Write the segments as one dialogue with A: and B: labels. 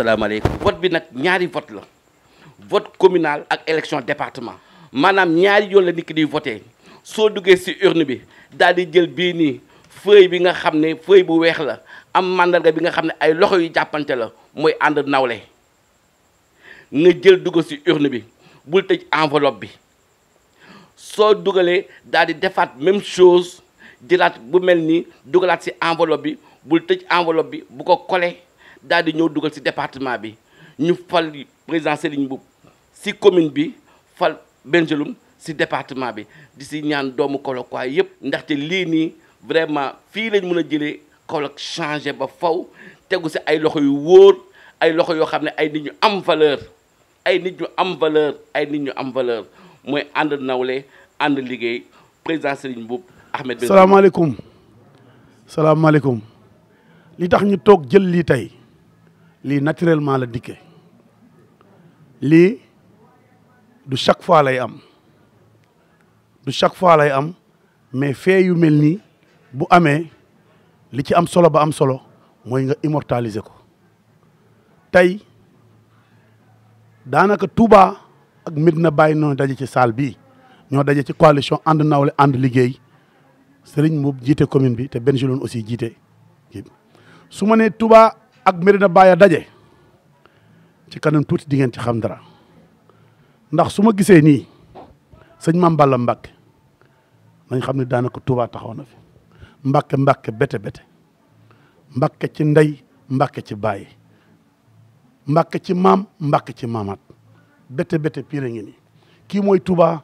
A: asalaamaaleykum vote bi nag ñaari vote la vote communal ak élection département maanaam ñaari yoon la nit ki di voté soo duggee si urne bi daal di jël bii nii feuille bi nga xam ne feuille bu weex la am mandarga bi nga xam ne ay loxo yu jàppante la mooy ànd nawle nga jël dugal si urne bi bul tëj enveloppe bi soo dugalee daal defaat même chose jëlaat bu mel nii dugalaat si enveloppe bi bul tëj enveloppe bi bu ko coller daal di ñëw dugal ci département bi ñu fal président Serigne Mboup si commune bi fal Benjeloum si département bi di si ñaan doomu Kolokwa yëpp ndaxte lii nii vraiment fii lañ mën a jëlee Kolok changé ba faw tegu si ay loxo yu wóor ay loxo yoo xam ne ay nit ñu am valeur ay nit ñu am valeur ay nit ñu am valeur mooy ànd nawle ànd liggéey président Serigne Mboup Ahmed. salaamaaleykum
B: salaamaaleykum li tax ñu toog jël lii tey. lii naturellement la dikke lii du chaque fois lay am du chaque fois lay am mais fee yu mel nii bu amee li ci am solo ba am solo mooy nga immortaliser ko tey daanaka Touba ak na bàyyi noonu daje ci salle bii ñoo daje ci coalition ànd nawle ànd liggéey Serigne Mboup jiite commune bi te Bengeloun aussi jiite su nee Touba ak Medina Baye daje ci kanam tuuti di ngeen ci xam dara ndax su ma gisee nii sëñ Mame Balla Mbacke nañ xam ne daanaka Touba taxaw na fi Mbacke Mbacke bete bete Mbacke ci nday Mbacke ci Baye Mbacke ci maam Mbacke ci maamaat bete bete pire ngi nii kii mooy Touba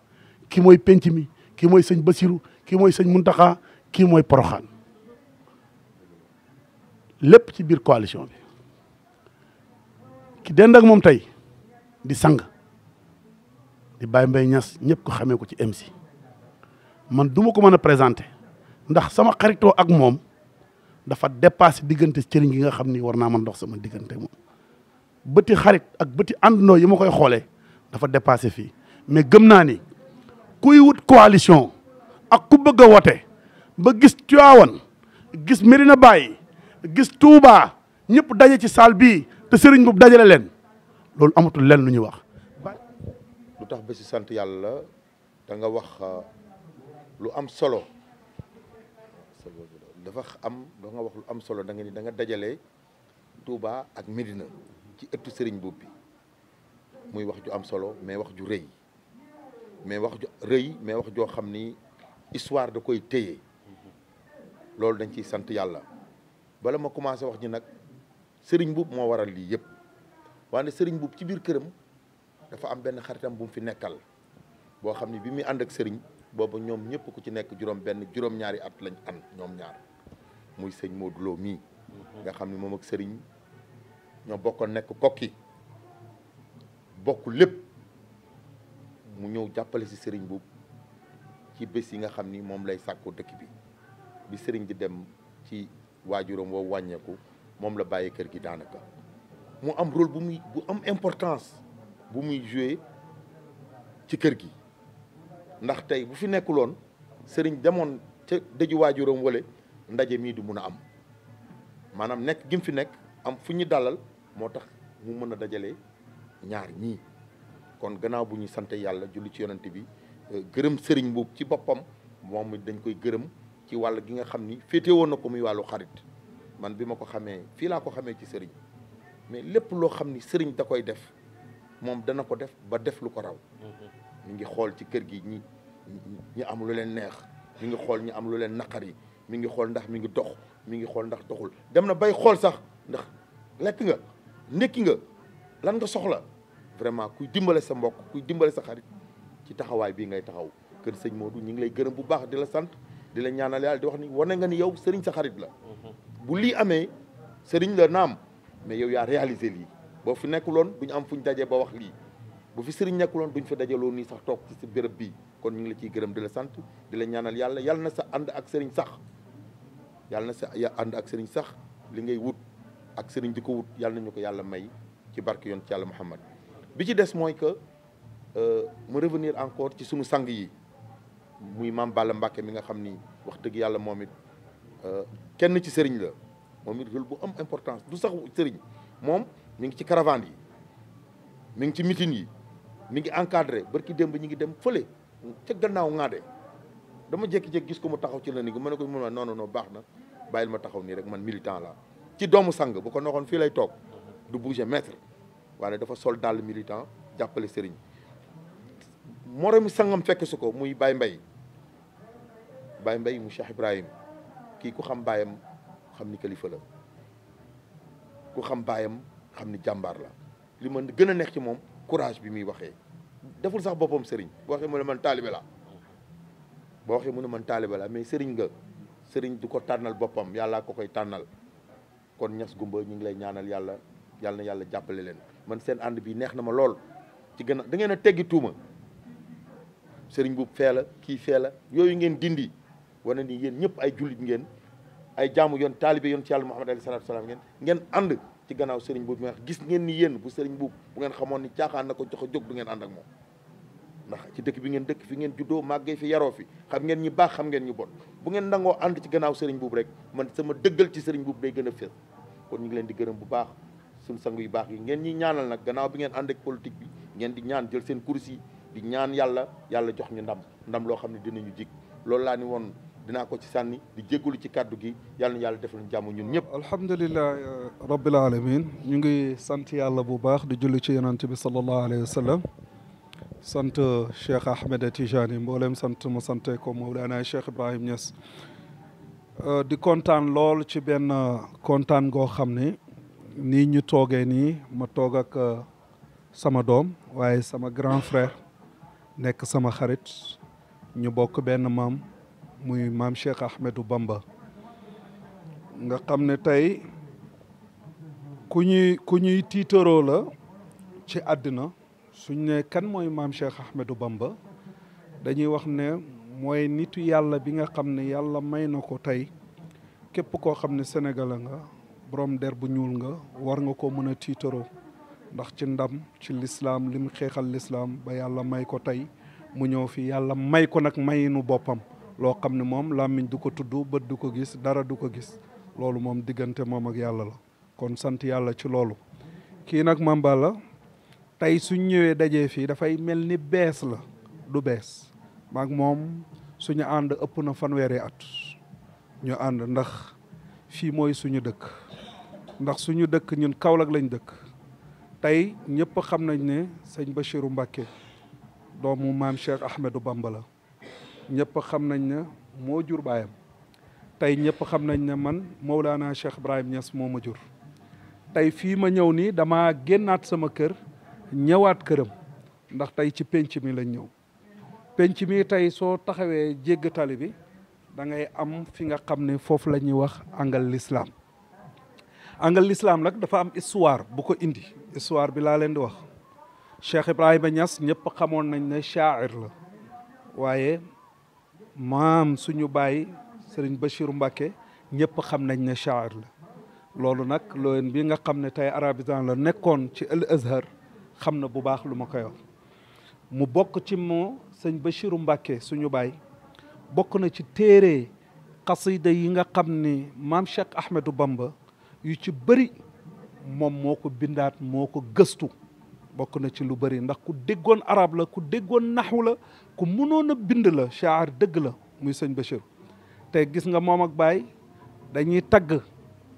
B: kii mooy penc mi kii mooy sëñ Basirou kii mooy sëñ Muntaxa kii mooy Poroxaan lépp ci biir coalition bi ki dend ak moom tey di sang di Baye Mbaye ñas ñëpp ko xamee ko ci MC man duma ko mën a présenté ndax sama xaritoo ak moom dafa dépassé diggante cëriñ gi nga xam ni war naa mën ndox sama diggante moom bëti xarit ak bëti àndandoo yi ma koy xoolee dafa dépassé fii mais gëm naa ni kuy wut coalition ak ku bëgg a wote ba gis Tivaouane gis Médina Baye gis Touba ñëpp daje ci salle bi te sëriñ boobu dajale leen loolu amatul leen lu ñuy wax.
C: lu tax ba si sant yàlla da nga wax euh, lu am solo dafa am da nga wax lu am solo da nga da nga dajale Touba ak Medina ci ëttu sëriñ boobu bi muy wax ju am solo mais wax ju rëy mais wax ju rëy mais wax joo xam ni histoire da koy téye loolu dañ ciy sant yàlla. bala ma commencé wax ji nag sëriñ buub moo waral lii yëpp wante sëriñ buub ci biir këram dafa am benn xaritam bu mu fi nekkal boo xam ne bi muy ànd ak sëriñ boobu ñoom ñëpp ku ci nekk juróom benn ñaari at lañ am ñoom ñaar muy sëñ Modou Lo mii nga xam ni moom ak sëriñ ñoo bokkoon nekk kokki bokk lépp mu ñëw jàppale si sëriñ buub ci bés yi nga xam ni moom lay sàkkoo dëkk bi bi sëriñ di dem ci waajuram woo wàññeeku moom la bàyyi kër gi daanaka mu am rôle bu muy bu am importance bu muy joué ci kër gi ndax tey bu fi nekkuloon sëriñ demoon ca dëju waajuram wale ndaje mii du mun a am maanaam nekk gi fi nekk am fu ñu dalal moo tax mu mën a dajale ñaar ñii kon gannaaw bu ñu sante yàlla julli ci yonante bi gërëm sëriñ boobu ci boppam moom dañ koy gërëm ci wàll gi nga xam ni féete woon na ko muy wàllu xarit man bi ma ko xamee fii laa ko xamee ci sëriñ mais lépp loo xam ni sëriñ da koy def moom dana ko def ba def lu ko raw mi mm-hmm. ngi xool ci kër gi ñi ñi am lu leen neex mi ngi xool ñi am lu leen naqar yi mi ngi xool ndax mi ngi dox mi ngi xool ndax doxul dem na bay xool sax ndax lekk nga ndékki nga lan nga soxla vraiment kuy dimbale sa mbokk kuy dimbale sa xarit ci taxawaay bii ngay taxaw kër sëñ Modou ñu ngi lay gërëm bu baax di la sant di la ñaanal yàlla di wax ni wane nga ni yow sëriñ sa xarit la bu lii amee sëriñ la naam mais yow yaa réalisé lii boo fi nekkuloon bu ñu am fu ñu dajee ba wax lii bu fi sëriñ nekkuloon duñ fa dajaloo nii sax toog ci sa béréb bii kon ñu ngi la ciy gërëm di la sant di la ñaanal yàlla yàlla na sa ànd ak sëriñ sax yàlla na sa ànd ak sëriñ sax li ngay wut ak sëriñ di ko wut yàlla ñu ko yàlla may ci barke yoon ci yàlla Muhammad bi ci des mooy que euh, mu revenir encore ci sunu sang yi muy maam Balla Mbacke mi nga xam ni wax dëgg yàlla moom it euh, kenn ci sëriñ la moom it rôle bu am importance du sax sëriñ moom mi ngi ci caravane yi mu ngi ci mitin yi mu ngi encadré barki démb ñu ngi dem fële ca gannaaw ŋaade dama jékki-jékki gis ko mu taxaw ci la ni ma ne ko mun a noo baax na bàyyil ma taxaw nii rek man militant la ci doomu sang bu ko noxoon fii lay toog du bouger mètre waaye dafa sol dàll militant jàppale sëriñ moromu sangam fekk su ko muy Baye mbay Baye mbay mu Cheikh Ibrahim kii ku xam baayam xam ni kalifa la ku xam baayam xam ni jàmbaar la li ma gën a neex ci moom courage bi muy waxee deful sax boppam sëriñ boo waxee mu ne man taalibe la boo waxee mu ne man mais sëriñ nga sëriñ du ko tànnal boppam yàlla ko koy tànnal kon ñas gumba ñu ngi lay ñaanal yàlla yàlla yàlla jàppale leen man seen ànd bi neex na ma lool ci gën a da a teggi tuuma sëriñ buub fee la kii fee la yooyu ngeen dindi wane ni yéen ñëpp ay jullit ngeen ay jaamu yoon taalibe yoon ci yàlla Muhammad alayhi salaam ngeen ngeen ànd ci gannaaw sëriñ buub mi gis ngeen ni yéen bu sëriñ buub bu ngeen xamoon ni caaxaan na ko jox a jóg ngeen ànd ak moom ndax ci dëkk bi ngeen dëkk fi ngeen juddoo màggee fi yaroo fi xam ngeen ñi baax xam ngeen ñi bon bu ngeen nangoo ànd ci gannaaw sëriñ buub rek man sama dëggal ci sëriñ buub day gën a fér kon ñu ngi leen di gërëm bu baax suñ sang yu baax yi ngeen ñi ñaanal nag gannaaw bi ngeen ànd ak politique bi ngeen di ñaan jël seen kursi di ñaan yàlla yàlla jox ñu ndam ndam loo xam ne dinañu jig loolu laa ni woon dinaa ko ci sànni di jégalu ci kàddu gi yàlla na yàlla defal ñu jàmm ñun ñëpp
D: alhamdulilah rabbil alamin ñu ngi sant yàlla bu baax di julli ci yonent bi sallallahu alayhi wa sallam sant euh, Cheikh Ahmed Tijani mboolem sant ma sante ko Mawlana Cheikh Ibrahim Niass euh, di kontaan lool ci benn euh, kontaan goo xam ne nii ñu toogee nii ma toog ak sama doom waaye sama grand frère nekk sama xarit ñu bokk benn maam muy maam Cheikh Ahmedou Bamba nga xam ne tey ku ñuy ku ñuy tiitaroo la ci àddina suñ ne kan mooy maam Cheikh Ahmedou Bamba dañuy wax ne mooy nitu yàlla bi nga xam ne yàlla may na ko tey képp koo xam ne sénégalais nga borom der bu ñuul nga war nga ko mën a tiitaroo ndax ci ndam ci lislaam lim xeexal lislaam ba yàlla may ko tey mu ñëw fi yàlla may ko nag mayinu boppam loo xam ne moom làmmiñ du ko tudd bët du ko gis dara du ko gis loolu moom diggante moom ak yàlla la kon sant yàlla ci loolu kii nag mamba la tey suñ ñëwee dajee fii dafay mel ni bees la du bees maak moom suñu ànd ëpp na fanweeri at ñu ànd ndax fii mooy suñu dëkk ndax suñu dëkk ñun Kaolack lañ dëkk tey ñëpp xam nañ ne sëñ Bachirou Mbacké doomu maam Cheikh Ahmedou Bamba la ñëpp xam nañ ne moo jur baayam tey ñëpp xam nañ ne man Mawlana Cheikh Ibrahim Niass moo ma jur tey fii ma ñëw nii dama génnaat sama kër ñëwaat këram ndax tey ci penc mi lañ ñëw penc mi tey soo taxawee jégg tali bi da ngay am fi nga xam ne foofu la ñuy wax angal lislaam angal lislaam nag dafa am histoire bu ko indi histoire bi laa leen di wax Cheikh Ibrahima Niass ñëpp xamoon nañ ne shaair la waaye maam suñu baay sëriñ Bachir Mbacke ñëpp xam nañ ne shaair la loolu nag looyeen bi nga xam ne tey arabisant la nekkoon ci al azhar xam na bu baax lu ma koy wax mu bokk ci moo sëñ Bachiru Mbàkke suñu baay bokk na ci téere xasida yi nga xam ni maam Cheikh Ahmedou Bamba yu ci bëri moom moo ko bindaat moo ko gëstu bokk na ci lu bëri ndax ku déggoon arab la ku déggoon naxu la ku mënoon a bind la shaar dëgg la muy sëñ Bachir te gis nga moom ak baay dañuy tagg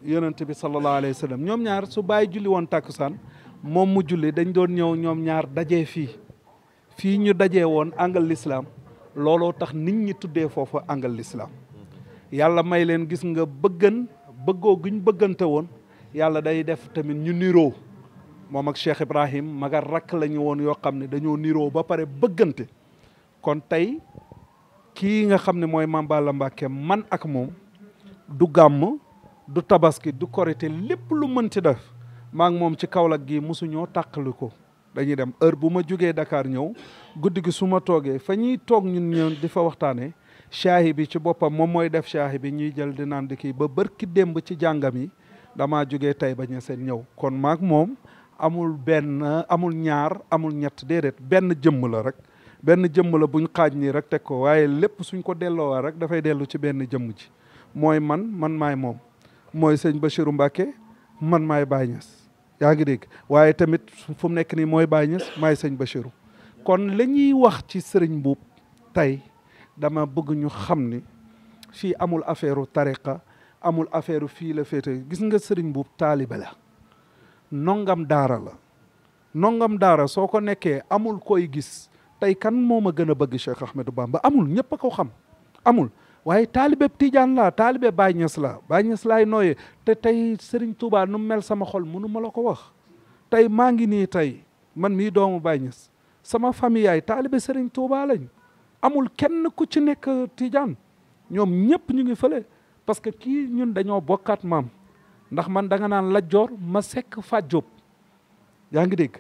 D: yonent bi sallallahu alayhi wa ñoom ñaar su bàyyi julli woon tàkkusaan moom mu julli dañ doon ñëw ñoom ñaar dajee fii fii ñu dajee woon angal lislaam looloo tax nit ñi tuddee foofu angal lislaam yàlla may leen gis nga bëggan bëggoo guñ bëggante woon yàlla day def tamit ñu niroo moom ak Cheikh Ibrahim maga rakk lañu woon yoo xam ne dañoo niroo ba pare bëggante kon tey kii nga xam ne mooy Mame Balla Mbacké man ak moom du gàmm du tabaski du korite lépp lu mën mënti def maa ngi moom ci Kaolack gi mësuñoo tàqali ko dañuy dem heure bu ma jógee dakaar ñëw guddi gi su ma toogee fa ñuy toog ñun di fa waxtaanee shaahi bi ci boppam moom mooy def shaahi bi ñuy jël di naan di kii ba bërki démb ci jàngam yi damaa jóge tey ba ñu seen ñëw kon maak moom amul benn amul ñaar amul ñett déedéet benn jëmm la rek benn jëmm la buñ xaaj nii rek teg ko waaye lépp suñ ko delloowaa rek dafay dellu ci benn jëmm ji mooy man man maay moom mooy sëñ Bachirou Mbacké man maay Baye yaa ngi dégg waaye tamit fu mu nekk nii mooy Baye Niass maay sëñ Bachirou kon la ñuy wax ci sëriñ buub tey dama bëgg ñu xam ni fii amul affaire tariqa amul affaire fiila la féete gis nga sëriñ buub taalibe la nongam daara la nongam daara soo ko nekkee amul koy gis tey kan moo ma gën a bëgg Cheikh Bamba amul ñëpp a ko xam amul waaye taalibe Tijaan laa taalibe Baay Ñas laa Baay Ñas laay nooyee te tey sëriñ Touba nu mel sama xol mënuma la ko wax tey maa ngi nii tey man mii doomu Baay sama famille yaay taalibe sëriñ Touba amul kenn ku ci nekk tijaan ñoom ñëpp ñu ngi fële parce que kii ñun dañoo bokkaat maam ndax man da nga naan lajjoor ma sekk fàjjoob yaa ngi dégg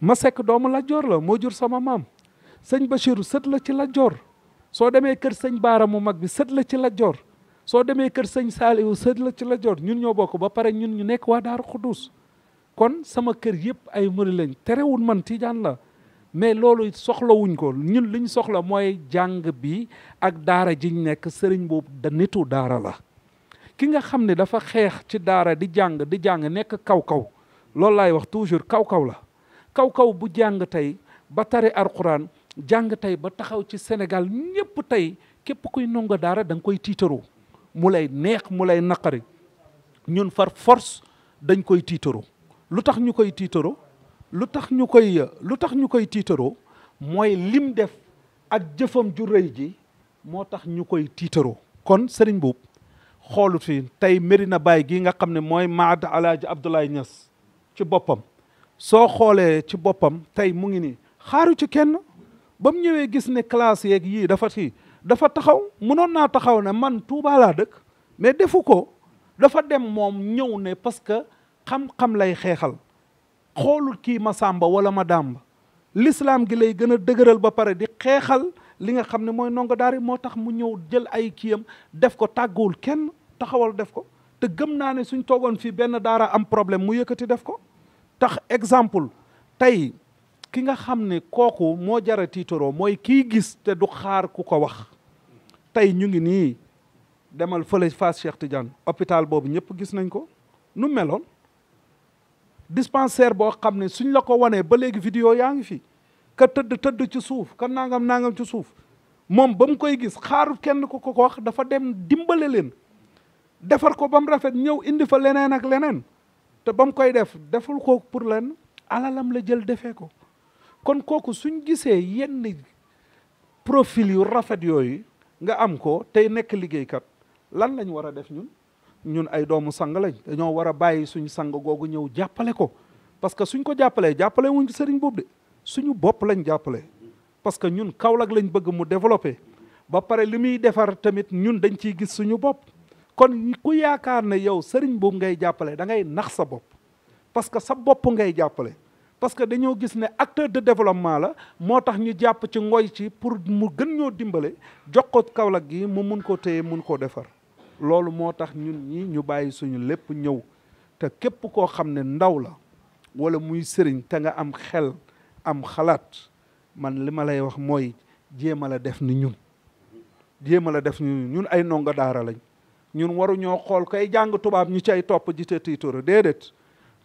D: ma sekk doomu lajjoor la moo jur sama maam sëñ Bachiru sët la ci lajjoor soo demee kër sëñ Baara mu mag bi sët la ci lajjoor soo demee kër sëñ Saaliwu sët la ci lajjoor ñun ñoo bokk ba pare ñun ñu nekk waa Daaru Xuddus kon sama kër yëpp ay muri lañ terewul man tijaan la mais loolu soxlawuñ ko ñun liñ soxla mooy jàng bi ak daara jiñ nekk sëriñ boobu da nitu daara la ki nga xam ne dafa xeex ci daara di jàng di jàng nekk kaw-kaw loolu laay wax toujours kaw-kaw la kaw-kaw bu jàng tey ba tare alxuraan jàng tey ba taxaw ci Sénégal ñëpp tey képp kuy nongo daara da nga koy tiitaru mu lay neex mu lay naqari ñun far force dañ koy tiitaru lu tax ñu koy tiitaru lu tax ñu koy lu tax ñu koy tiitaroo mooy lim def ak jëfam jur rëy ji moo tax ñu koy tiitaroo kon sëriñ buub xoolu fi tey na baay gi nga xam ne mooy Maad Alaaji Abdoulaye Niass ci boppam soo xoolee ci boppam tey mu ngi nii xaaru ci kenn ba mu ñëwee gis ne classe yeeg yii dafa ci dafa taxaw mënoon naa taxaw ne man Touba dëkk mais defu ko dafa dem moom ñëw ne parce que xam-xam lay xeexal xoolul kii ma sàmba wala ma dàmba lislaam gi lay gën a dëgëral ba pare di xeexal li nga xam ne mooy ndongo daara moo tax mu ñëw jël ay kiyam def ko tàgguwul kenn taxawal def ko te gëm naa ne suñ toogoon fii benn daara am problème mu yëkkati def ko tax exemple tey ki nga xam ne kooku moo jara tiitoroo mooy kii gis te du xaar ku ko wax tey ñu ngi nii demal fële Fass Cheikh Tidiane hôpital boobu ñëpp gis nañ ko nu meloon dispensaire boo xam ne suñ la ko wanee ba léegi vidéo yaa ngi fi ka tëdd tëdd ci suuf ka nangam nangam ci suuf moom ba mu koy gis xaaru kenn ko ko wax dafa dem dimbale leen defar ko ba mu rafet ñëw indi fa leneen ak leneen te ba mu koy def deful ko pour leen alalam la jël defee ko kon kooku suñ gisee yenn profil yu rafet yooyu nga am ko tey nekk liggéeykat lan lañ war a def ñun ñun ay doomu sang lañ dañoo war a bàyyi suñu sang googu ñëw jàppale ko parce que suñ ko jàppalee jàppale wuñ sëriñ boobu de suñu bopp lañ jàppale parce que ñun Kaolack lañ bëgg mu développé ba pare li muy defar tamit ñun dañ ciy gis suñu bopp kon ku yaakaar ne yow sëriñ boobu ngay jàppale da ngay nax sa bopp parce que sa bopp ngay jàppale parce que dañoo gis ne acteur de développement la moo tax ñu jàpp ci ngoy ci pour mu gën ñoo dimbale jox ko Kaolack gi mu mun koo téye mun koo defar loolu moo tax ñun ñi ñu bàyyi suñu lépp ñëw te képp koo xam ne ndaw la wala muy sëriñ te nga am xel am xalaat man li ma lay wax mooy jéema la def ni ñun jéema la def ni ñun ay ndongo daara lañ ñun waruñoo xool kay jàng tubaab ñu cay topp ji te tiitooro déedéet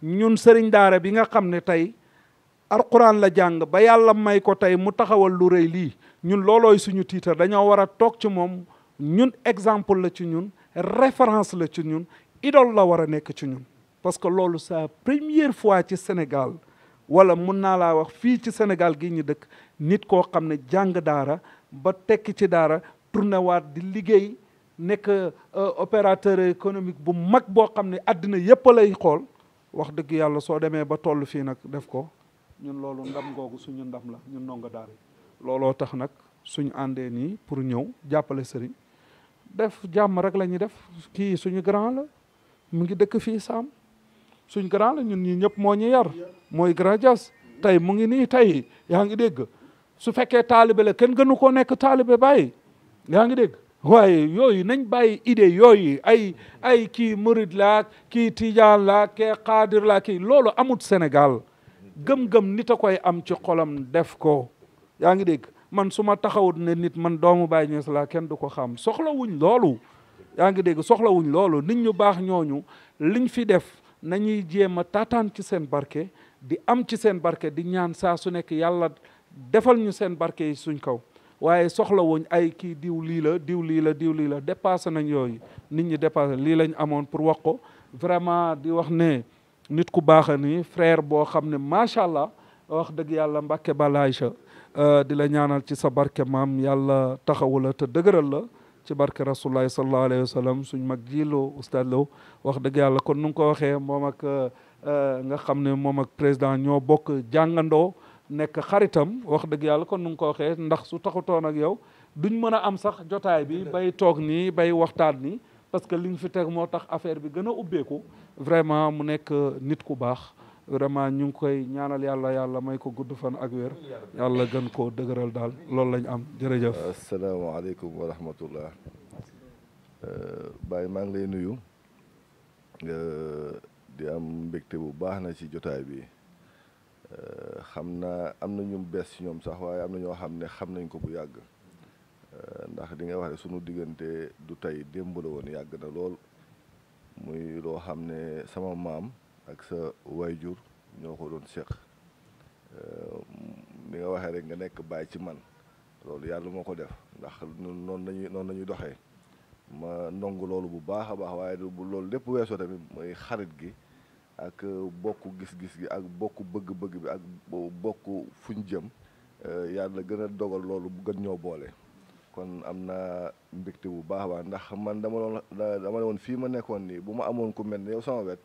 D: ñun sëriñ daara bi nga xam ne tey alquran la jàng ba yàlla may ko tey mu taxawal lu rëy lii ñun loolooy suñu tiitar dañoo war a toog ci moom ñun exemple la ci ñun référence la ci ñun idole la war a nekk ci ñun parce que loolu sa première fois ci Sénégal wala mun naa laa wax fii ci Sénégal gi ñu dëkk nit koo xam ne jàng daara ba tekk ci daara tourné waat di liggéey nekk euh, opérateur économique bu mag boo xam ne àddina yépp lay xool wax dëgg yàlla soo demee ba toll fii nag def ko ñun loolu ndam googu suñu ndam la ñun ndongo daara yi looloo tax nag suñu àndee nii pour ñëw jàppale sëriñ def jàmm rek la ñuy def kii suñu grand la mu ngi dëkk fii saam suñ grand ñun ñi ñëpp moo ñu yar mooy grand Diass tey mu ngi nii tey yaa ngi dégg su fekkee taalibe la kenn gënu koo nekk taalibe bàyyi yaa ngi dégg waaye yooyu nañ bàyyi idée yooyu ay ay kii murid la kii tijaan la kee xaadir la kii loolu amut senegal gëm-gëm nit a koy am ci xolam def ko yaa ngi dégg man suma ma taxawut ne nit man doomu Baay Ñas laa kenn du ko xam soxlawuñ loolu yaa ngi dégg soxlawuñ loolu nit ñu baax ñooñu liñ fi def nañuy jéem a taataan ci seen barke di am ci seen barke di ñaan saa su nekk yàlla defal ñu seen barke yi suñ kaw waaye soxlawuñ ay kii diw lii la diw lii la diw lii la dépassé nañ yooyu nit ñi dépassé lii lañ amoon pour wax ko vraiment di wax ne nit ku baax a nii frère boo xam ne macha allah wax dëgg yàlla Mbàkke Balaay sa Euh, di la ñaanal ci sa barke maam yàlla taxawula te dëgëral la ci barke rasulullahi sallallahu alayhi wa sallam suñ mag jiiloo oustaz Lo wax dëgg yàlla kon nu nga ko waxee moom ak euh, nga xam ne moom ak président ñoo bokk jàngandoo nekk xaritam wax dëgg yàlla kon nu nga ko waxee ndax su taxutoon ak yow duñ mën a am sax jotaay bi bay toog nii bay waxtaan nii parce que li nga fi teg moo tax affaire bi gën a ubbeeku vraiment mu nekk euh, nit ku baax vraiment ñu ngi koy ñaanal yàlla yàlla may ko gudd fan ak wér yàlla gën koo dëgëral daal loolu lañ am jërëjëf
E: asalaamaaleykum wa rahmatullah euh, Baye maa ngi lay nuyu euh, di am mbégte bu baax na ci jotaay bi euh, xam na am na ñu bees ci ñoom sax waaye am na ñoo xam ne xam nañ ko bu yàgg ndax di nga wax ne sunu diggante du tey démb la woon yàgg na lool muy loo xam ne sama maam ak sa jur ñoo ko doon seq ni nga waxee rek nga nekk baay ci man loolu yàlla moo ko def ndax noonu lañuy noonu lañuy doxee ma ndongo loolu bu baax a baax waaye bu loolu lépp weesoo tamit mooy xarit gi ak euh, bokk gis-gis gi ak bokk bëgg-bëgg bi ak bokk fu ñu jëm yàlla gën a dogal loolu bu gën ñoo boole kon am na mbégte bu baax a baax ndax man dama doon dama ne woon fii ma nekkoon nii bu ma amoon ku mel ne yow sama wet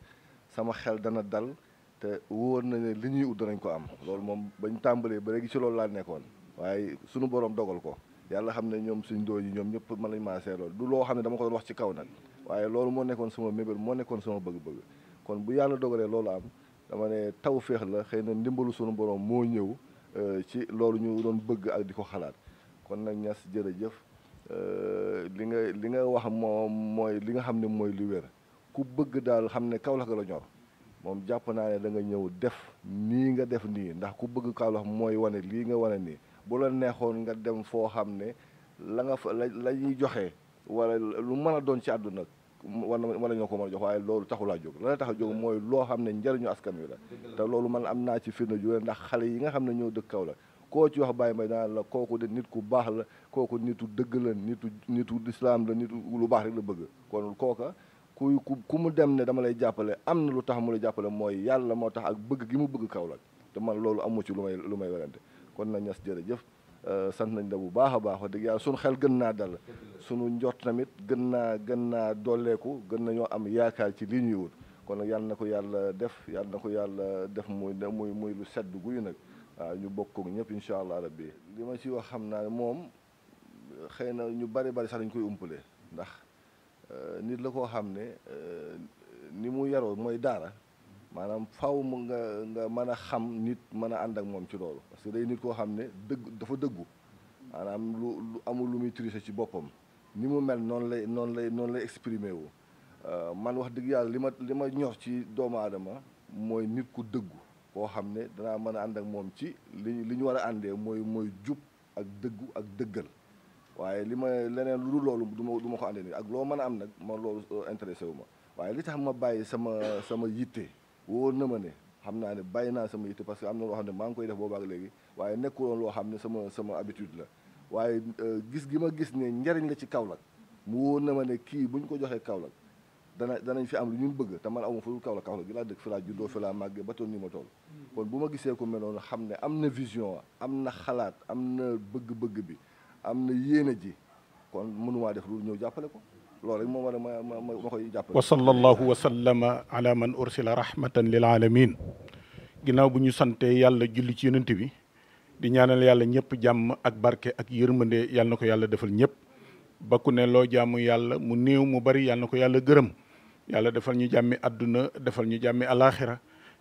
E: sama xel dana dal te wóor na ne li ñuy ut nañ ko am loolu moom bañ tàmbalee ba léegi ci loolu laa nekkoon waaye sunu borom dogal ko yàlla xam ne ñoom suñ doo yi ñoom ñëpp mën nañ maa seet loolu du loo xam ne dama ko wax ci kaw nag waaye loolu moo nekkoon sama mébél moo nekkoon sama bëgg-bëgg kon bu yàlla dogalee loolu am dama ne taw féex la xëy na ndimbalu sunu borom moo ñëw euh, ci loolu ñu doon bëgg ak di ko xalaat kon nag ñas jëf euh, li nga li nga wax moom mooy li nga xam ne mooy lu wér ku bëgg daal xam ne Kaolack la ñor moom jàpp naa ne da nga ñëw def nii nga def nii ndax ku bëgg Kaolack mooy wane lii nga wane nii bu la neexoon nga dem foo xam ne la nga fa la la ñuy joxe wala lu mën a doon ci àdduna war na war nañoo ko mën jox waaye loolu taxu jóg la la tax a jóg mooy loo xam ne njëriñu askan wi la te loolu man am naa ci firnde ju ndax xale yi nga xam ne ñoo dëkk Kaolack koo ci wax Baye may daan la kooku de nit ku baax la kooku nitu dëgg la nitu nitu lislaam la nitu lu baax rek la bëgg kon ku ku mu dem ne dama lay jàppale am na lu tax mu lay jàppale mooy yàlla moo tax ak bëgg gi mu bëgg Kaolack te man loolu amu ci lu may lu may werante kon na ñas jërëjëf euh, sant nañ la bu baax a baax wax dëgg yàlla sunu xel gën naa dal sunu njot tamit gën naa gën naa dolleeku gën nañoo am yaakaar ci lii ñuy wut kon yàlla na ko yàlla def yàlla na ko yàlla def muy muy muy lu sedd guy nag waaw ñu bokk ak ñëpp incha allah bi li ma ci wax xam naa moom xëy na ñu bari bari sax dañ koy umpale Euh, nit la koo xam ne euh, ni mu yaroo mooy daara maanaam faw mu nga nga mën a xam nit mën a ànd ak moom ci loolu parce que day nit koo xam ne dëgg dafa dëggu maanaam lu lu amul lu muy tricher ci boppam ni mu mel noonu lay noonu lay noonu lay exprimer wu euh, man wax dëgg yàlla li ma li ma ñor ci doomu aadama mooy nit ku dëggu koo xam ne danaa mën a ànd ak moom ci li li ñu war a àndee mooy mooy jub ak dëggu ak dëggal waaye li ma leneen lu loolu du ma du ma ko àndee nii mën a am nag ma loolu euh, wu ma waaye li tax ma bàyyi sama sama yitte wóor na ma ne xam naa ne bàyyi naa sama yitte parce que am na loo xam maa ngi koy def boobaak léegi waaye nekkuloon loo xam ne sama sama habitude la waaye euh, gis gi ma gis ne njariñ la ci Kaolack mu wóor na ma ne kii bu ko joxee Kaolack dana danañ fi am lu ñu bëgg te man ma fu dul Kaolack Kaolack gi laa dëkk fi laa juddoo fi laa màggee ba nii ma toll hmm. kon bu ma gisee ko mel noonu xam ne am na vision am na xalaat am na bëgg-bëgg bi am na yéene ji kon mënumaa def lu ñëw jàppale ko loolu rek moom war a ma ma ma koy jàppale. wa sallallahu
F: wa sallama ala man ursila rahmatan lil alamin ginnaaw bu ñu santee yàlla julli ci yonent bi di ñaanal yàlla ñëpp jàmm ak barke ak yërmande yàlla na ko yàlla defal ñëpp bakku ne loo jaamu yàlla mu néew mu bari yàlla ko yàlla gërëm yàlla defal ñu jàmmi àdduna defal ñu jàmmi alaaxira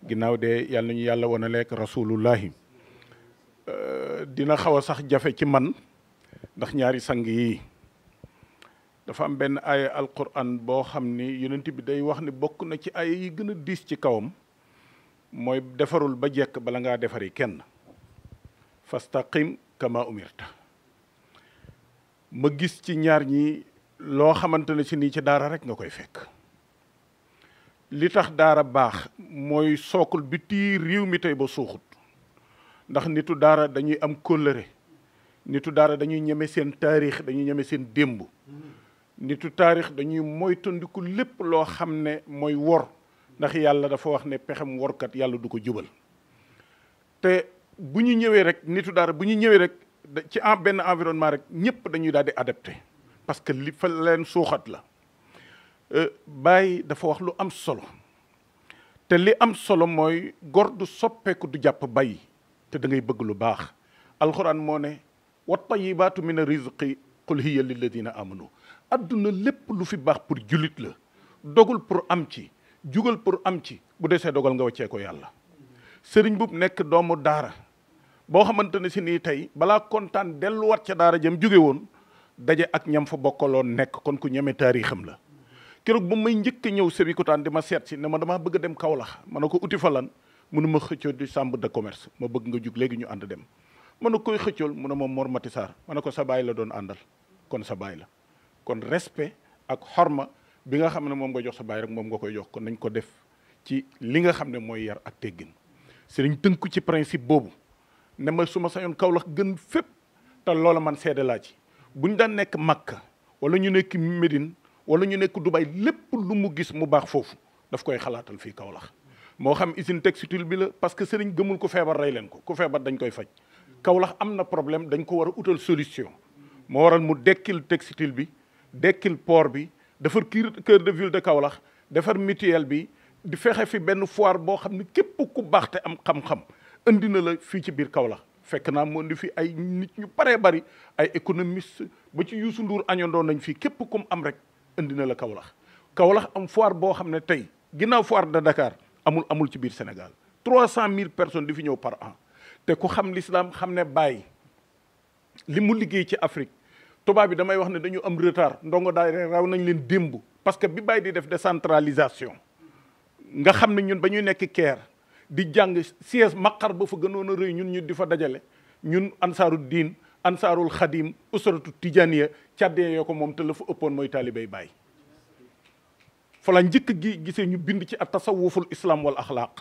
F: ginnaaw de yàlla na ñu yàlla wan a lekk rasulullahi dina xaw sax jafe ci man ndax ñaari sang yi dafa am benn aaya alquran boo xam ni yonent bi day wax ni bokk na ci aaya yi gën a diis ci kawam mooy defarul ba jekk bala ngaa defari kenn fastaqim kama umirta ma gis ci ñaar ñi loo xamante ne si nii ci daara rek nga koy fekk li tax daara baax mooy sookul biti tii réew mi tey ba suuxut ndax nitu daara dañuy am kóllëre nitu daara dañuy ñeme seen taarix dañuy ñeme seen démb nitu taarix dañuy moytandiku lépp loo xam ne mooy wor ndax yàlla dafa wax ne pexem workat yàlla du ko jubal te bu ñu ñëwee rek nitu daara bu ñu ñëwee rek ci en benn environnement rek ñëpp dañuy daal di adapté parce que li fa leen suuxat la euh, bàyyi dafa wax lu am solo te li am solo mooy gor du soppeeku du jàpp bay te da ngay bëgg lu baax alxuraan moo ne wat wa tayibaatu min a rizqi qul hiya lilladina amanu adduna lépp lu fi baax pour jullit la dogul pour am ci jugal pour am ci bu desee dogal nga waccee ko yàlla sëriñ bub nekk doomu daara boo xamante ne si nii tey balaa kontaan delluwaat ca daara jëm jóge woon daje ak ñam fa bokkaloon nekk kon ku ñeme taarixam la keroog ba may njëkk a ñëw Sébikotane di ma seet si ne ma damaa bëgg dem Kaolack ma ne ko uti fa lan mënu ma xëccoo di chambre de commerce ma bëgg nga jug léegi ñu ànd dem mën na koy xëccool mun ne moom Mor Mati Sarr ma ko sa baay la doon àndal kon sa baay la kon respect ak xorma bi nga xam ne moom nga jox sa baay rek moom nga koy jox kon nañ ko def ci li nga xam ne mooy yar ak teggin sëriñ tënku ci principe boobu ne ma su ma sañoon Kaolack gën fépp te loola man seede laa ci bu ñu daan nekk Makka wala ñu nekk Médine wala ñu nekk Dubaay lépp lu mu gis mu baax foofu daf koy xalaatal fii kawlax moo xam usine textile bi la parce que sëriñ gëmul ku feebar leen ko ku feebar dañ koy faj Kaolack am na problème dañ ko war a utal solution moo waral mu dekkil textile bi dekkil port bi defar kii cœur de ville de kawlax defar mutuelle bi di fexe fi benn foir boo xam ne képp ku baax te am xam-xam indi na la fii ci biir Kaolack fekk naa moo indi fi ay nit ñu baree bari ay économiste ba ci Youssou Ndour añandoo nañ fii képp ku am rek indi na la Kaolack kawlax am foir boo xam ne tey ginnaaw foire de Dakar amul amul ci biir Sénégal trois cent mille personnes di fi ñëw par an te ku xam l'islam xam ne bàyyi li mu liggéey ci Afrique tubaab bi damay wax ne dañu am retard ndongo daara raw nañ leen démb parce que bi bàyyi di def décentralisation nga xam ne ñun ba ñuy nekk keer di jàng siège maqar ba fa gënoon a rëy ñun ñu di fa dajale ñun ansaaru diin ansaarul xadim usratu tijaniya càddee yoo ko moom te la fa ëppoon mooy taalibey bàyyi fa la njëkk gi gisee ñu bind ci at tasawuful islam wal axlaaq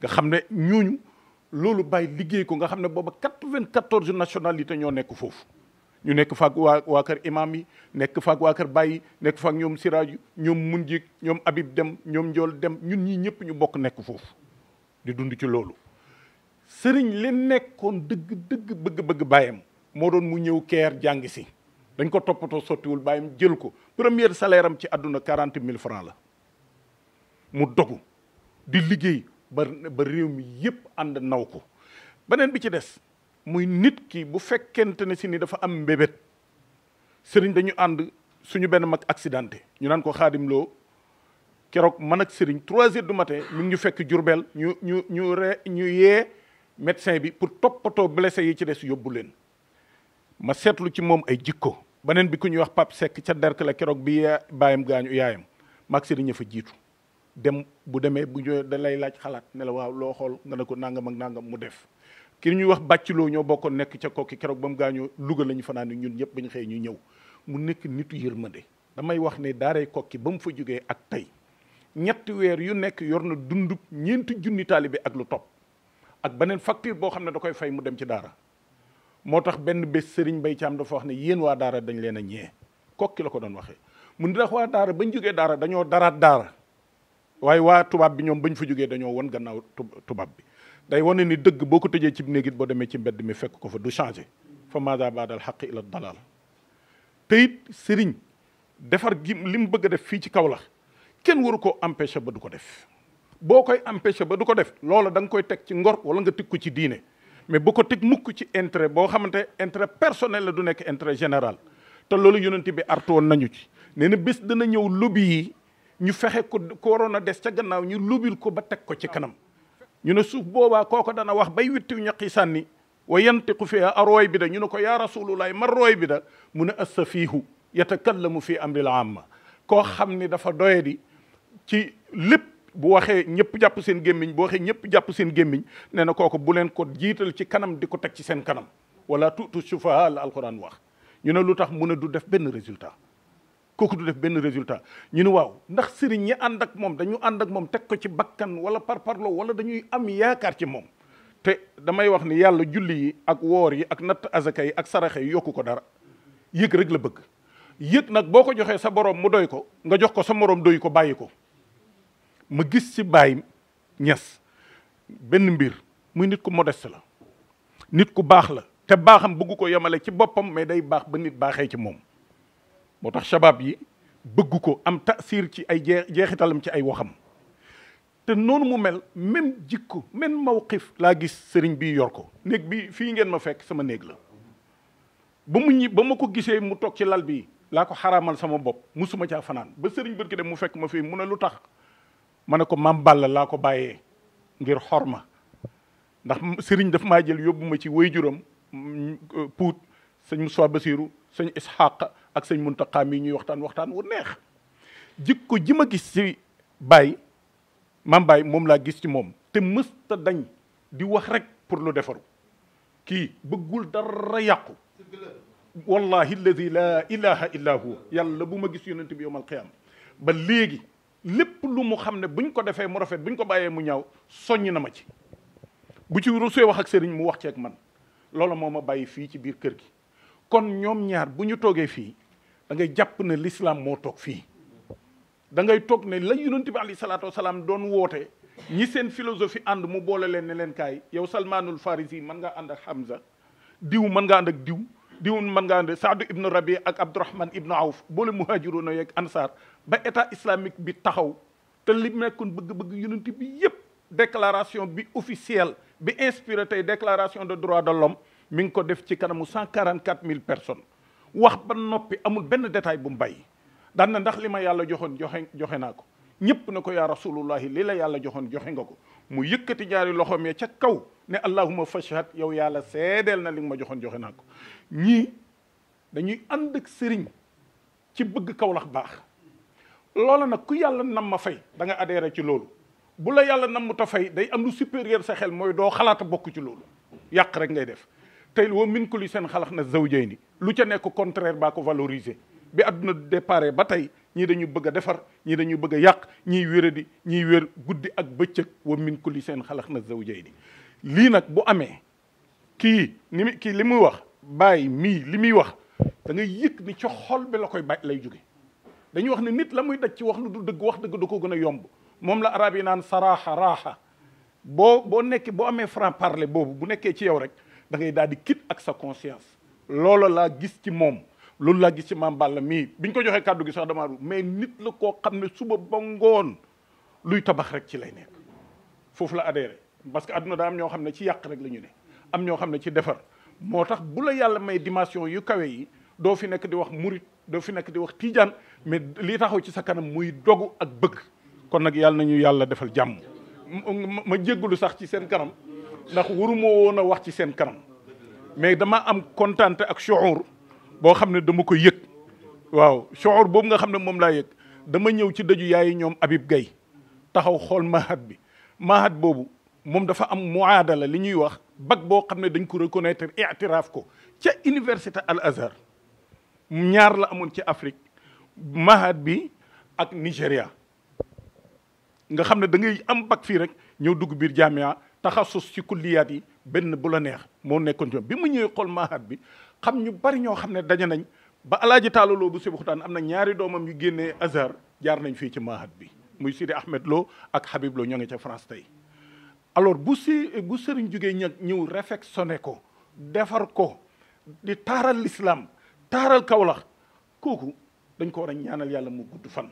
F: nga xam ne ñooñu loolu bàyyi liggéey ko nga xam ne booba quatre-vingt-quatorze nationalité ñoo nekk foofu ñu nekk faak waa waa kër imam yi nekk faak waa kër bàyyi nekk faak ñoom siraaju ñoom munjik ñoom abib dem ñoom njool dem ñun ñii ñëpp ñu bokk nekk foofu di dund ci loolu sëriñ li nekkoon dëgg dëgg bëgg-bëgg bàyyam moo doon mu ñëw keer jàng si dañ ko toppatoo sottiwul bàyyam jël ko première salaire am ci àdduna quarante mille francs la mu dogu di liggéey ba ba réew mi yëpp ànd naw ko beneen bi ci des muy nit ki bu fekkente ne si ni dafa am mbébét sëriñ dañu ànd suñu benn mag accidenté ñu naan ko xaadim keroog mën ak sëriñ trois heures du matin mi ñu fekk jurbeel ñu ñu ñu re ñu yee médecin bi pour toppatoo blessé yi ci des yóbbu leen ma seetlu ci moom ay jikko beneen bi ku ñuy wax Pape Seck ca derk la keroog bi baayam gaañu yaayam mag sëriñ a fa jiitu dem bu demee bu ñëwee da lay laaj xalaat ne la waaw loo xool nga ne ko nangam ak nàngam mu def ki ñuy wax bàcciloo ñoo bokkoon nekk ca kokki keroog ba mu gaañoo Louga lañu fanaan fanaan ñun ñëpp ba ñu xëyee ñu ñëw mu nekk nitu yërmande damay wax ne daaray kokki ba mu fa jógee ak tey ñetti weer yu nekk yor na dundub ñeenti junni taalibe ak lu topp ak beneen facture boo xam ne da koy fay mu dem ci daara moo tax benn bés Serigne Mbaye Thiam dafa wax ne yéen waa daara dañ leen a ñee kokki la ko doon waxee mu ni tax waa daara bañ jógee daara dañoo daraat daara waaye waa tubaab bi ñoom bañ fa jógee dañoo won gannaaw tubaab bi day wane ni dëgg boo ko tëjee ci néegit boo demee ci mbedd mi fekk ko fa du changé fa maada baadal xaq ila dalaal te it sëriñ defar gi li mu bëgg a def fii ci kaw kenn waru ko empêché ba du ko def boo koy empêché ba du ko def loola da nga koy teg ci ngor wala nga teg ko ci diine mais boo ko teg mukk ci intérêt boo xamante intérêt personnel la du nekk intérêt général te loolu yonent bi artu woon nañu ci nee na bés dana ñëw lobby yi ñu fexe ko ko waroon a des ca gannaaw ñu lubil ko ba teg ko ci kanam ñu ne suuf boobaa kooko dana wax bay witti ñaqi sànni wa yantiqu fi a rooy bi da ñu ne ko yaa rasulullahi mar rooy bi da mu ne assafiihu yatakallamu fi amril amma koo xam ni dafa doye di ci lépp bu waxee ñëpp jàpp seen gémmiñ bu waxee ñëpp jàpp seen gémmiñ nee na kooku bu leen ko jiital ci kanam di ko teg ci seen kanam wala tuutu sufaha la alquran wax ñu ne lu tax mu ne du def benn résultat kooku du def benn résultat ñu ni waaw ndax sëriñ ñi ànd ak moom dañu ànd ak moom teg ko ci bakkan wala parparlo wala dañuy am yaakaar ci moom te damay wax ni yàlla julli yi ak woor yi ak natt azaka yi ak saraxe yi yokku ko dara yëg rek la bëgg yëg nag boo ko joxee sa borom mu doy ko nga jox ko sa moroom doy ko bàyyi ko ma gis ci bàyyi ñas benn mbir muy nit ku modeste la nit ku baax la te baaxam bëgg ko yemale ci boppam mais day baax ba nit baaxee ci moom moo tax shabab yi bëgg ko am tasir ci ay jeexitalam ci ay waxam te noonu mu mel même jikko même mawqif laa gis sëriñ bi yor ko néeg bi fii ngeen ma fekk sama néeg la ba mu ñi ba ma ko gisee mu toog ci lal bi laa ko xaraamal sama bopp musuma caa fanaan ba sëriñ bërki dem mu fekk ma fii mu ne lu tax ma ne ko maam Balla laa ko bàyyee ngir ma ndax sëriñ dafa maa jël yóbbu ma ci waajuram mm, euh, puut sëñ Moussa Basirou sëñ Ishaq ak sëñ Muntaxa mi ñuy waxtaan waxtaan wu neex jikko ji ma gis ci Baye maam Baye moom laa gis ci moom te mësta dañ di wax rek pour lu defaru kii bëggul dara yàqu wallahi alladi laa ilaha illa huwa yàlla bu ma gis yonent bi yowmal qiyaama ba léegi lépp lu mu xam ne buñ ko defee mu rafet buñ ko bàyyee mu ñaaw soññ na ma ci bu ci rusee wax ak sëriñ mu wax ci man loolu moom ma bàyyi fii ci biir kër gi kon ñoom ñaar bu ñu toogee fii da jàpp ne l'islam moo toog fii da ngay toog ne la yonent bi alayhi salaatu wasalaam doon woote ñi seen philosophie ànd mu boole leen ne leen kaay yow salmaanul farisi mën ngaa ànd ak Hamza diw mën ngaa ànd ak diw diw mën ngaa ànd ak Saadu ibnu Rabi ak Abdurahman ibnu Awf boole mu muhajiruna yeeg ansaar ba état islamique bi taxaw te li nekkoon bëgg-bëgg yonent bi yépp déclaration bi officielle bi inspiré tey déclaration de droit de lom mi ngi ko def ci kanamu cent quarante quatre mille personnes wax ba noppi amul benn détail bu mu bàyyi daan na ndax li ma yàlla joxoon joxe joxe naa ko ñëpp na ko yaa rasulullahi li la yàlla joxoon joxe nga ko mu yëkkati ñaari loxoom ya ca kaw ne allahuma fashhad yow yàlla seedeel na li nga ma joxoon joxe naa ko ñii dañuy ànd ak sëriñ ci bëgg kawlax baax loola nag ku yàlla nam ma fay da nga adhéré ci loolu bu la yàlla nam mu ta fay day am lu supérieur sa xel mooy doo xalaat a bokk ci loolu yàq rek ngay def tey wa min kulli seen xalax na zawjayni lu ca nekk contraire baa ko valoriser bi àdduna départ ba tey ñii dañu bëgg a defar ñii dañu bëgg a yàq ñiy wéradi ñiy wér guddi ak bëccëg wa min kulli seen xalax na zawjay ni lii nag bu amee kii ni mu kii li muy wax bàyyi mii li muy wax da ngay yëg ni ca xol bi la koy bàyyi lay jóge dañuy wax ne nit la muy daj ci wax lu du dëgg wax dëgg da ko gën a yomb moom la arab yi naan saraaxa raaxa boo boo nekkee boo amee franc parler boobu bu nekkee ci yow rek da ngay di quitte ak sa conscience loolu laa gis ci moom loolu laa gis ci maam Balla mii bi ñu ko joxee kàddu gi sax damaa mais nit la koo xam ne suba ba ngoon luy tabax rek ci lay nekk foofu la adhéré parce que adduna daa am ñoo xam ne ci yàq rek la ñu ne am ñoo xam ne ci defar moo tax bu la yàlla may dimension yu kawe yi doo fi nekk di wax murit doo fi nekk di wax tiijaan mais lii taxaw ci sa kanam muy dogu ak bëgg kon nag yàlla na ñu yàlla defal jàmm ma lu sax ci seen kanam ndax waruma woon a wax ci seen kanam mais dama am kontante ak shuur boo xam ne dama ko yëg waaw shuur boobu nga xam ne moom laa yëg dama ñëw ci dëju yi ñoom Habib Gaye taxaw xool mahad bi mahad boobu moom dafa am muaadala li ñuy wax bag boo xam ne dañ ko reconnaître itiraaf ko ca université Al Azhar ñaar la amoon ci Afrique mahad bi ak Nigéria nga xam ne dangay am bac fii rek ñëw dugg biir jamia taxasus ci kulliyaat yi benn bu la neex moo nekkoon ci bi mu ñëwee xool maahaat bi xam ñu bari ñoo xam ne daje nañ ba alaaji Taala Lo bu Sébikotane am na ñaari doomam yu génnee Azhar jaar nañ fii ci mahat bi muy Sidi Ahmed loo ak Habib Lo ñoo ngi ca France tey alors bu si bu sëriñ jógee ñag ñëw réfectionné ko defar ko di taaral l'islam taaral Kaolack kooku dañ ko war a ñaanal yàlla mu gudd fan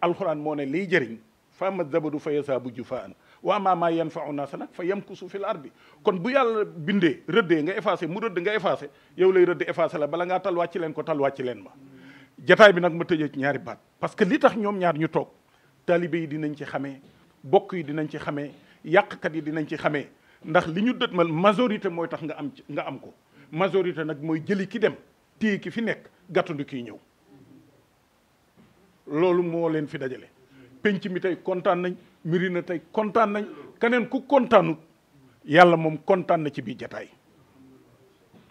F: alxuraan moo ne liy jëriñ famat zabadu fa yasa bu jufaan wa amaa maa yanfau naasa nag fa yamkusu fil bi kon bu yàlla bindee rëddee nga effacé mu rëdd nga effacé yow lay rëdd effacé la bala ngaa tal wàcc leen ko tal jataay bi nag ma tëjee ci ñaari baat parce que li tax ñoom ñaar ñu toog taalibe yi dinañ ci xamee bokk yi dinañ ci xamee yàqkat yi dinañ ci xamee ndax li ñu ma majorité mooy tax nga am nga am ko majorité nag mooy jëli ki dem téye ki fi nekk gàttandu kii ñëw loolu moo leen fi dajale penc mi tey kontaan nañ miri na tey kontaan nañ keneen ku kontaanut yàlla moom kontaan na ci bii jataay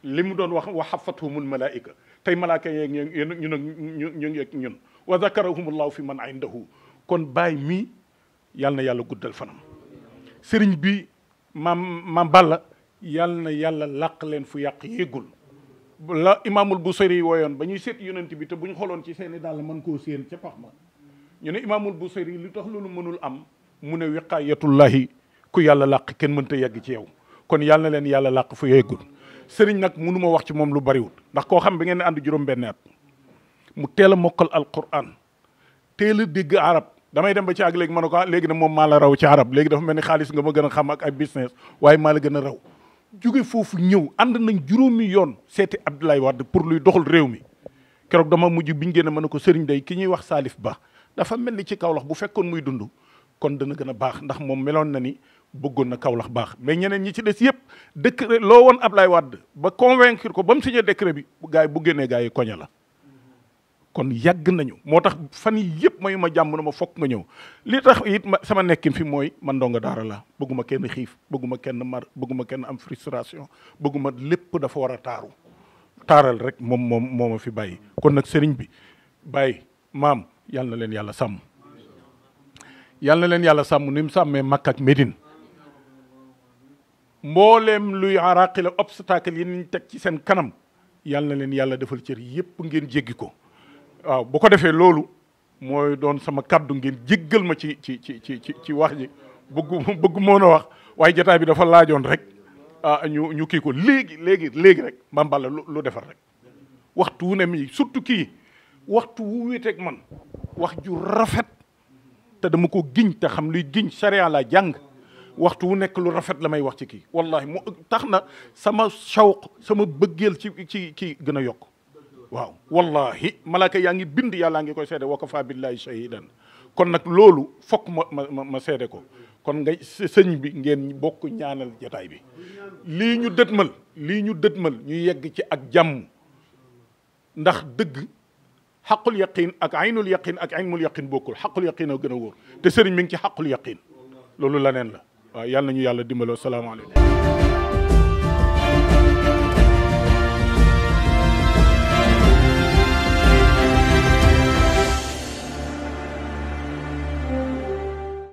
F: li mu doon wax wa xafatuhumul malaayika tey malaaka yeeg ñun ñu ñu ñu ñun wa zakarahumullahu fi man ay indahu kon bàyyi mii yàlla yàlla guddal fanam sëriñ bi maam maam Balla yàlla na yàlla làq leen fu yàq yéegul la imaamul Busiri wooyoon ba ñuy seet yonent bi te bu ñu xooloon ci seeni dàll mën koo séen ca pax ma ñu ne imaamul Busiri li tax loolu mënul am mu ne wiqaayatullahi ku yàlla làq kenn mënta yegg ci yow kon yàlla leen yàlla làq fu yeggul sëriñ nag mënu ma wax ci moom lu bariwul ndax koo xam bi ngeen ne ànd juróom-benn at mu teel a mokkal alquran teel a dégg arab damay dem ba ci ak léegi ma ne ko ah, léegi nag moom maa la raw ci arab léegi dafa mel ni xaalis nga ma gën a xam ak ay business waaye maa la gën a raw jóge foofu ñëw ànd nañ juróomi yoon seeti Abdoulaye Wade pour luy doxul réew mi keroog dama mujj biñ génne mën ne ko sëriñ day ki ñuy wax Salif Ba dafa mel ni ci Kaolack bu fekkoon muy dund kon dana gën a baax ndax moom meloon na ni bëggoon na Kaolack baax mais ñeneen ñi ci des yëpp décret loo ab lay Wade ba convaincre ko ba mu signé décret bi gars yi bu génnee gars yi la kon yàgg nañu moo tax fan yii yëpp mayu ma jàmm na ma fokk nga ñëw li tax ma sama nekkin fi mooy man ndongo daara la bëgguma kenn xiif bëgguma kenn mar bëgguma kenn am frustration bëgguma lépp dafa war a taaru taaral rek moom moom moo ma fi bàyyi kon nag sëriñ bi bàyyi maam yàlla leen yàlla sàmm yal na leen yàlla sàmm ni mu sàmmee Makka ak Médine mboolem luy araqi la obstacle yi ñu teg ci seen kanam yal na leen yàlla defal cër yépp ngeen jéggi ko waaw bu ko defee loolu mooy doon sama kàddu ngeen jéggal ma ci ci ci ci ci wax ji bëggu bëggu moon wax waaye jotaay bi dafa laajoon rek ah, ñu ñu kii ko léegi léegi léegi rek mbambal lu defar rek waxtu wu ne mi surtout kii waxtu wu wéeteeg man wax ju rafet te dama ko giñ te xam luy giñ charia jàng waxtu wu nekk lu rafet la may wax ci kii wallahi mu tax na sama shawq sama bëggeel ci ci kii gën a yokk waaw wallahi malaaka yaa ngi bind yàllaa ngi koy seede wa kafa billahi shahidan kon nag loolu fokk ma ma ma seede ko kon nga sëñ bi ngeen bokk ñaanal jataay bi lii ñu dëtmal lii ñu dëtmal ñu yegg ci ak jàmm ndax dëgg xaqul yaqin ak aynul yaqin ak aynul yaqin bokkul xaqul yaqin a gën a wóor te sëriñ mi ngi ci xaqul yaqin loolu leneen la waaw yàlla nañu yàlla dimbaloo salaamaaleykum